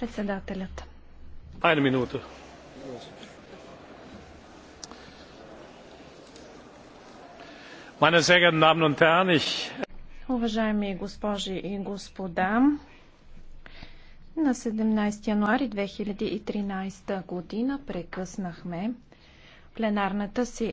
Председателят. Айде минута. Meine sehr geehrten Damen und Herren, ich... Уважаеми госпожи и господа, на 17 януари 2013 година прекъснахме пленарната си